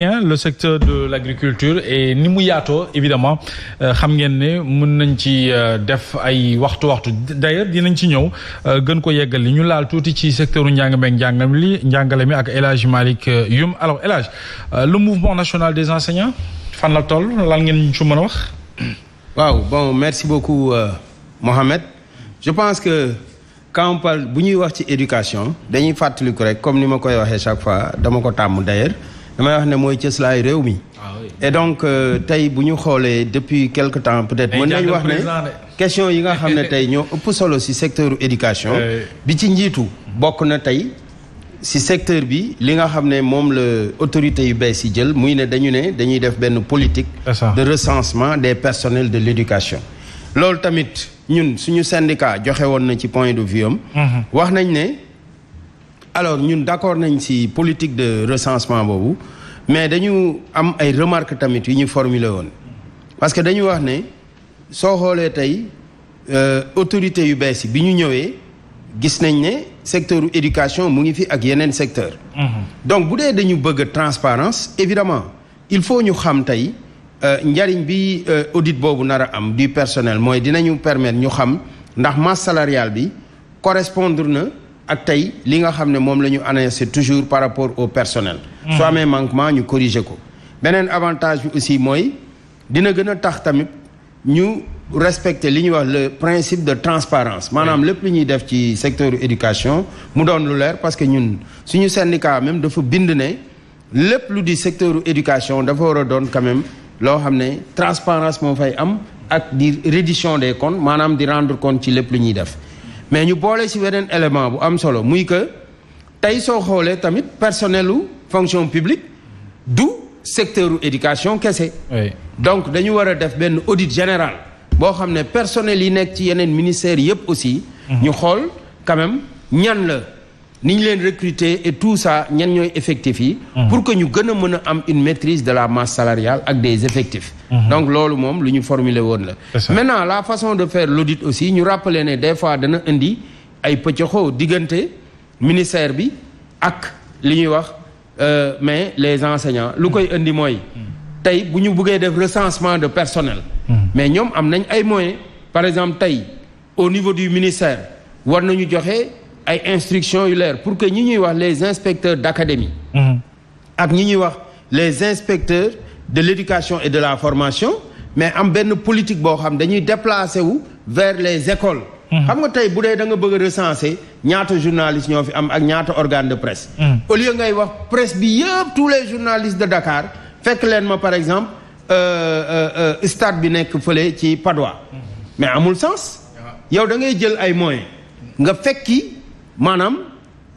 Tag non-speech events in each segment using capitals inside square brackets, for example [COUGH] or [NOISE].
le secteur de l'agriculture et ni mu yaatoo évidemment euh, xam ngeen ne mën nañ ci euh, def ay waxtu waxtu d'ailleurs dinañ ci ñëw euh, gën ko yeggal li ñu laal tuuti ci secteur u njàng meeg njàngam njàngale mi ak El Hadj Malick Youm élage lu Hadj le mouvement national des enseignants fan la toll lan ngeen su mën a wax waaw bon merci beaucoup euh, je pense que quand bu ñuy wax ci éducation dañuy fàttaliku rek comme ni ma koy waxee chaque fois dama ko tàmm d'ailleurs damay wax ne mooy cëslaay réew mi. Ah et donc euh, tey bu ñu xoolee depuis quelque temps peut-être mën nañu wax ne question yi nga xam ne tey ñoo ëpp solo ci secteur éducation [LAUGHS] bi ci njiitu bokk na tey ci secteur bi li nga xam ne moom la autorité yu bees yi jël muy ne dañu ne dañuy def benn politique de recensement des personnels de l'éducation loolu tamit ñun suñu syndicat joxe woon na ci point de vue am mm-hmm. wax nañ ne alors ñun d'accord nañ ci politique de recensement boobu mais dañu am ay remarques tamit yu ñu formuler woon parce que dañu wax ne soo xoolee tey euh, autorités yu bees yi bi ñu ñëwee gis nañ ne secteur éducation mu ngi fi ak yeneen secteur mm-hmm. donc bu dee dañu bëgg transparence évidemment il faut ñu xam tey euh, njariñ bi euh, audit boobu nar a am du personnel mooy dinañu permettre ñu xam ndax masse salariale bi correspondre na ak tey li nga xam ne moom la ñu annoncé toujours par rapport au personnel. Mm. su amee manquement ñu corriger ko. beneen avantage aussi mooy dina gën a tax tamit ñu respecter li ñuy wax le principe de transparence maanaam lépp lu ñuy def ci secteur éducation mu doon lu leer parce que ñun suñu syndicat même dafa bind ne lépp lu di secteur éducation dafa war a doon quand loo xam ne transparence moo fay am ak di reddition des comptes maanaam di rendre compte ci lépp lu ñuy def mais ñu boole ci weneen élément bu am solo muy que tey soo xoolee tamit personnelu fonction publique du secteur éducation kese. Oui. donc dañu war a def benn audit général boo xam ne personnel yi nekk ci yeneen ministère yépp aussi. Mhm. ñu xool quand ñan la. ni ñu leen recruter et tout ça ñan ñooy effectifs yi. Mhm. pour que ñu gën a mën a am une maîtrise de la masse salariale ak des effectifs. Mhm. donc loolu moom lu ñu formuler woon la. maintenant la façon de faire l'audit aussi ñu rappeler ne des fois dana indi ay pëccëxoo diggante ministère bi ak li ñuy wax euh, mais les enseignants lu koy indi mooy. tey bu ñu buggee def recensement de personnel. Mhm. mais ñoom am nañ ay moyens par exemple tey au niveau du ministère war nañu joxe. ay instructions yu leer pour que ñi ñuy wax les inspecteurs d'académie mm-hmm. ak ñi ñuy wax les inspecteurs de l'éducation et de la formation mais am benn politique boo xam dañuy déplacer wu vers les écoles mm-hmm. xam nga tey bu dee da nga bëgg a ñaata journalistes ñoo fi am ak ñaata organe de presse mm-hmm. au lieu ngay wax presse bi yëpp tous les journalistes de Dakar fekk leen ma par exemple euh, euh, euh, stade bi nekk fële ci Padois mais amul sens yow da ngay jël ay moyens nga maanaam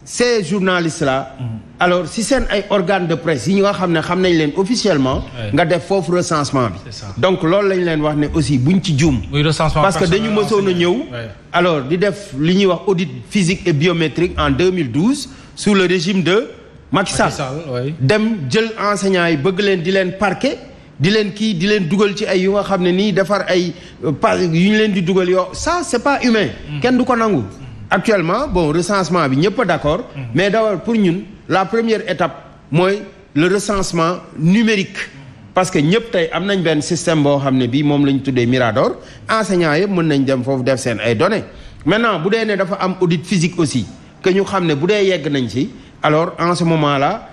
ces journalistes là. Mm-hmm. alors si seen ay organes de presse yi nga xam ne xam nañ leen officiellement. nga def foofu recensement bi. donc loolu lañ leen wax ne aussi buñ ci juum. parce que dañu mësoon a ñëw. alors di def li ñuy wax audit physique et biométrique en 2012 sous le régime de. Macky Sall dem jël enseignants yi bëgg leen di leen parquet di leen kii di leen dugal ci ay yu nga xam ne nii defar ay euh, par yu ñu leen di dugal yoo ça c'est pas humain. Mm. kenn du ko nangu. actuellement bon recensement bi ñëpp d'accord mm. mais d'abord pour ñun la première étape mooy le recensement numérique parce que ñëpp tey am nañ benn système boo xam ne bii moom la ñu tuddee Mirador enseignants yëpp mën nañ dem foofu def seen ay données maintenant bu dee ne dafa am audit physique aussi que ñu xam ne bu dee yegg nañ ci alors en la moment là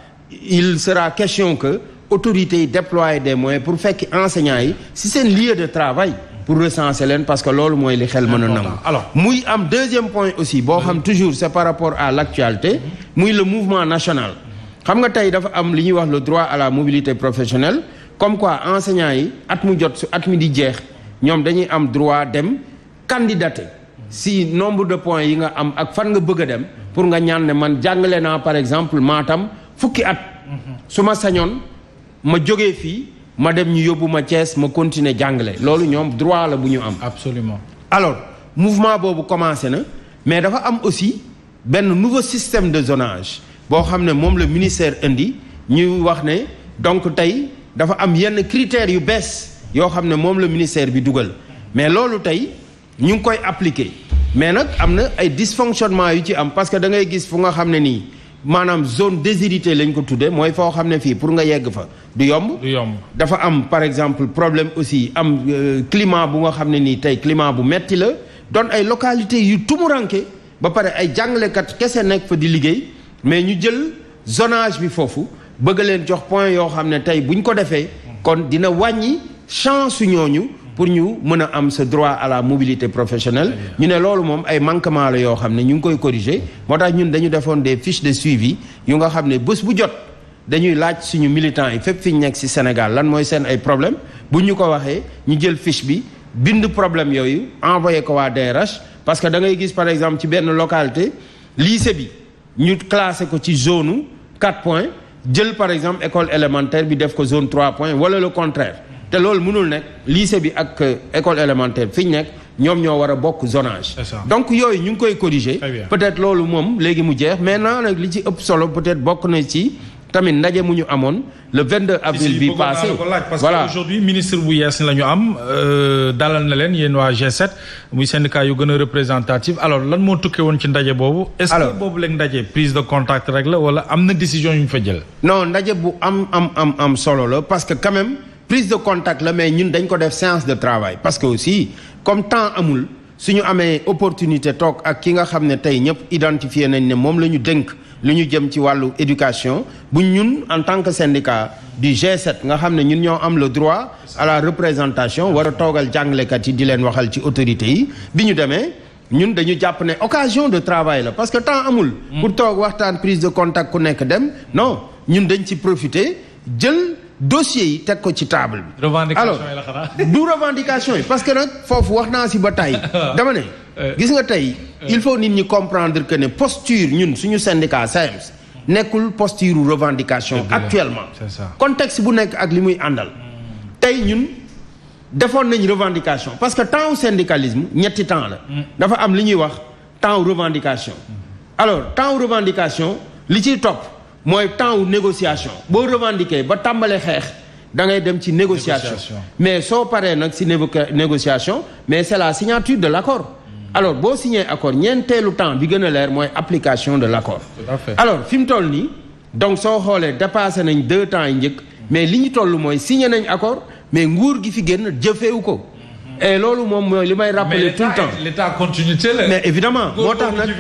il sera question que autorités yi déploient des moyens pour fekki enseignants yi ci seen lieu de travail pour recenser leen parce que loolu mooy li xel mën a nangu alors muy am deuxième point aussi boo xam mm-hmm. toujours c'est par rapport à l'actualité mm-hmm. muy le mouvement nationale mm-hmm. xam nga tey dafa am li ñuy wax le droit à la mobilité professionnelle comme quoi enseignants yi at mu jot su at mi di jeex ñoom dañuy am droit dem candidater si nombre de point yi nga am ak fan nga bëgg a dem pour nga ñaan ne man jàngale naa ah, par exemple Matam fukki at su ma sañoon ma jógee fii ma dem ñu yóbbu ma Thiès ma continuer jàngale loolu ñoom droit la bu ñu am. absolument alors mouvement boobu commencé na mais dafa am aussi benn nouveau système de zonage boo xam ne moom la ministère indi ñuy wax ne donc tey dafa am yenn critères yu bees yoo xam ne moom la ministère bi dugal mais loolu tey ñu ngi koy appliquer mais nag am na ay dysfonctionnements yu ci am parce que da ngay gis fu nga xam ne nii. maanaam zone déshéritée lañ ko tuddee mooy foo xam ne fii pour nga yegg fa du yomb. du dafa am par exemple problème aussi am euh, climat bu nga xam ne nii tey climat bu metti la doon ay localités yu tumuranke ba pare ay jàngalekat kese nekk fa di liggéey mais ñu jël zonage bi foofu bëgg leen jox point yoo xam ne tey buñ ko defee. kon dina wàññi chance ñooñu. pour ñu mën a am sa droit à la mobilité professionnelle ñu ne loolu moom ay manquement la yoo xam ne ñu ngi koy corriger moo tax ñun dañu defoon des fiches de suivi yu nga xam ne bës bu jot dañuy laaj suñu militants yi fépp fi ñu nekk ci Sénégal lan mooy seen ay problème bu ñu ko waxee ñu jël fiche bi bind problème yooyu envoyé ko waa DRH parce que da ngay gis par exemple ci benn localité lycée bi ñu classé ko ci zone 4 points jël par exemple école élémentaire bi def ko zone 3 points wala le contraire te loolu mënul nekk lycée bi ak euh, école élémentaire fi ñu nekk ñoom ñoo war a bokk zonage donc yooyu ñu ngi koy corriger peut-être loolu moom léegi mu jeex mais na nag li ci ëpp solo peut-être bokk na ci tamit ndaje mu ñu amoon le vingt 22 avril bi passé parce voilà. que aujourd'hui ministre bu yees la ñu am euh, dalal na leen yéen waa G7 muy syndicat yu gën a représentatif alors lan moo tukkee woon ci ndaje boobu est boobu léegi ndaje prise de contact rek la wala am na décision ñu fa jël non ndaje bu am am am am solo la parce que quand prise de contact la mais ñun dañ ko def séance de travail parce que aussi comme temps amul su ñu amee opportunité toog ak ki nga xam ne tey ñëpp identifié nañ ne moom la ñu dénk lu ñu jëm ci wàllu éducation bu ñun en tant que syndicat du G7 nga xam ne ñun ñoo am le droit à la représentation wara toogal jàngalekat yi di leen waxal ci autorité yi bi ñu demee ñun dañu jàpp ne occasion de travail la parce que temps amul mm. pour toog waxtaan prise de contact ku nekk dem non ñun dañ ci profiter jël dossiers yi teg ko ci table bi. alors [LAUGHS] du revendication yi parce que nag foofu wax naa si ba tey [LAUGHS] dama ne. Euh. gis nga tey euh. il faut nit ñi comprendre que ne posture ñun suñu syndicat SAEMS nekkul posture revendication actuellement. contexte bu nekk ak li muy àndal. Hmm. tey ñun defoon nañ revendication parce que temps syndicalisme ñetti temps la. Hmm. dafa am li ñuy wax temps revendication. Hmm. alors temps revendication li ciy topp. mooy temps wu négociation boo revendiquer ba tàmbalee xeex da ngay dem ci négociation mais soo paree nag si négociation mais c'est la signature de l'accord hmm. alors boo signé accord ñeenteelu temps bi gën a leer mooy application de l'accord alors fi mu toll nii donc soo xoolee dépassé nañ deux temps yi njëkk mais li ñu toll mooy signé nañ accord mais nguur gi fi génn jëfeewu ko et eh, loolu moom mooy li may rappeler tout temps mais l'état continue mais évidemment moo tax nag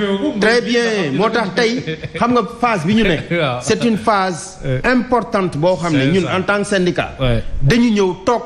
très bien moo tax tey xam nga phase bi ñu nekk [LAUGHS] c'est une phase euh. importante boo xam ne ñun en tant que syndicat dañu ñëw toog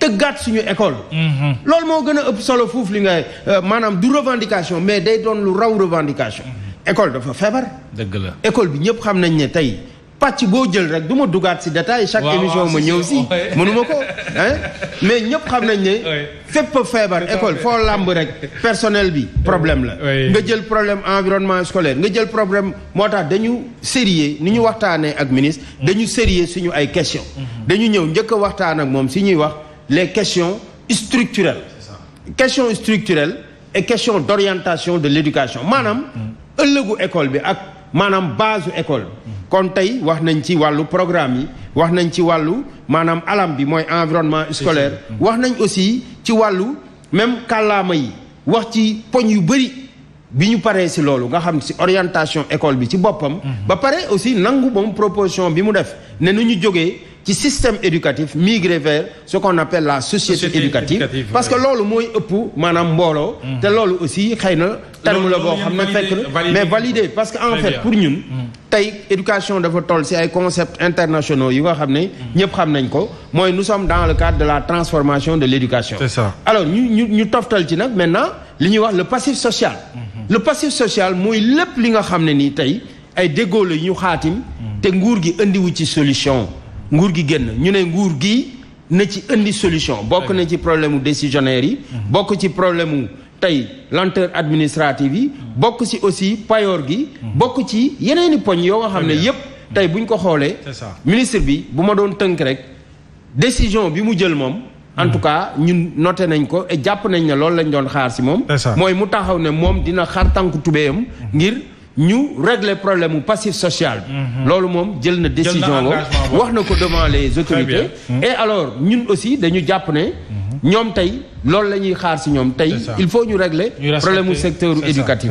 tëggaat suñu école mm-hmm. loolu moo gën a ëpp solo foofu li ngay euh, maanaam du revendication mais day doon lu raw revendication mm-hmm. école dafa feebar dëgg la école bi ñëpp xam nañ ne tey pàcc boo jël rek du ma dugaat si détail chaque émission ma ñëw si mënuma ko hein mais ñëpp xam nañ ne fépp feebar école foo làmb rek personnel bi problème la nga jël problème environnement scolaire nga jël problème moo tax dañu sérieux ni ñu waxtaanee ak ministre mm-hmm. dañu sérieux suñu ay question mm-hmm. dañu ñëw njëkk a waxtaan ak moom si ñuy wax les questions structurelles question structurelle et question d'orientation de l'éducation maanaam mm-hmm. ëllëgu école bi ak maanaam base école kon tey wax nañ ci wàllu programme yi wax nañ ci wàllu maanaam alam bi mooy environnement scolaire mm. wax nañ aussi ci wàllu même kàllaama yi wax ci poñ yu bëri bi ñu paree si loolu nga xam si orientation école bi ci boppam mm-hmm. ba pare aussi nangu moom proposition bi mu def ne nu ñu jógee ci système éducatif migrer vers ce qu'on appelle la société, société éducative, parce que loolu mooy ëpp maanaam mbooloo mm. te loolu aussi xëy na terme la boo xam ne fekk mais validé parce que en fait pour ñun mm. tey éducation dafa toll si ay concepts internationaux yu nga xam ne mm. ñëpp xam nañ ko mooy nous sommes dans le cadre de la transformation de l'éducation c'est ça alors ñu ñu ñu toftal ci nag maintenant li ñuy wax le passif social mm-hmm. le passif social mooy lépp li nga xam ne nii tey ay déggoo la ñu xaatim te nguur gi indiwu ci solution nguur gi génn ñu ne nguur gi na ci indi solution bokk na ci problème mu décisionnaire yi mhm. bokk ci problème mu tey lenteur administrative yi mhm. bokk ci aussi payoor gi mhm. bokk ci yeneeni poñ yoo nga xam ne yépp tey buñ ko xoolee ministre bi bu ma doon tënk rek décision bi mu jël moom en tout cas ñun noté nañ ko et jàpp nañ ne loolu lañ doon xaar ci moom mooy mu taxaw ne moom dina xar tànku tubéyam ngir ñu régler problème mu passif social bi. Mhm. loolu moom jël na décision boobu wax na ko devant les autorités. Mhm. et alors ñun aussi dañu jàpp ne. Mhm. ñoom tey loolu la ñuy xaar ci ñoom tey. il faut ñu régler problème mu secteur éducatif.